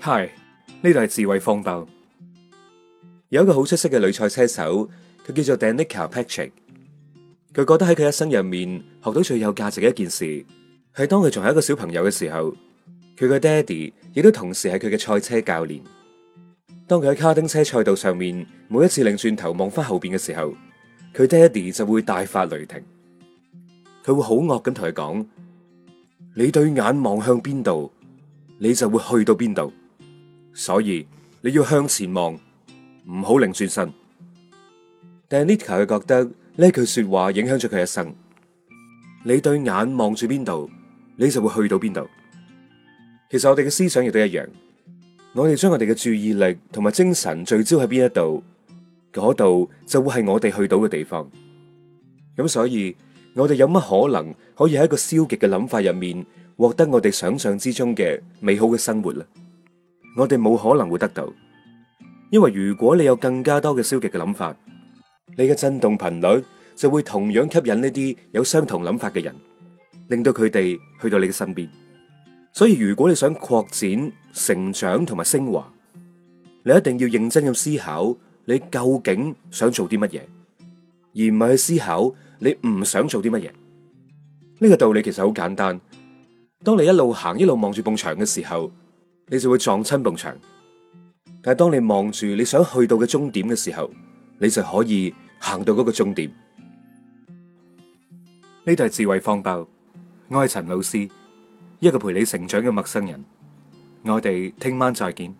係呢度係智慧風暴。有一個好出色嘅女賽車手，佢叫做 Danica Patrick。佢覺得喺佢一生入面學到最有價值嘅一件事，係當佢仲係一個小朋友嘅時候，佢嘅爹哋亦都同時係佢嘅賽車教練。當佢喺卡丁車賽道上面每一次擰轉頭望翻後邊嘅時候，佢爹哋就會大發雷霆。佢會好惡咁同佢講：你對眼望向邊度，你就會去到邊度。所以你要向前望，唔好擰轉身。但係 Nita 佢覺得呢句說話影響咗佢一生。你對眼望住邊度，你就會去到邊度。其實我哋嘅思想亦都一樣，我哋將我哋嘅注意力同埋精神聚焦喺邊一度，嗰度就會係我哋去到嘅地方。咁所以我哋有乜可能可以喺一個消極嘅諗法入面獲得我哋想象之中嘅美好嘅生活咧？我哋冇可能會得到，因為如果你有更加多嘅消極嘅諗法，你嘅震動頻率就會同樣吸引呢啲有相同諗法嘅人，令到佢哋去到你嘅身邊。所以如果你想擴展、成長同埋升華，你一定要認真咁思考你究竟想做啲乜嘢，而唔係去思考你唔想做啲乜嘢。呢個道理其實好簡單，當你一路行一路望住埲牆嘅時候。你就會撞親埲牆，但係當你望住你想去到嘅終點嘅時候，你就可以行到嗰個終點。呢度係智慧方包，我係陳老師，一個陪你成長嘅陌生人。我哋聽晚再見。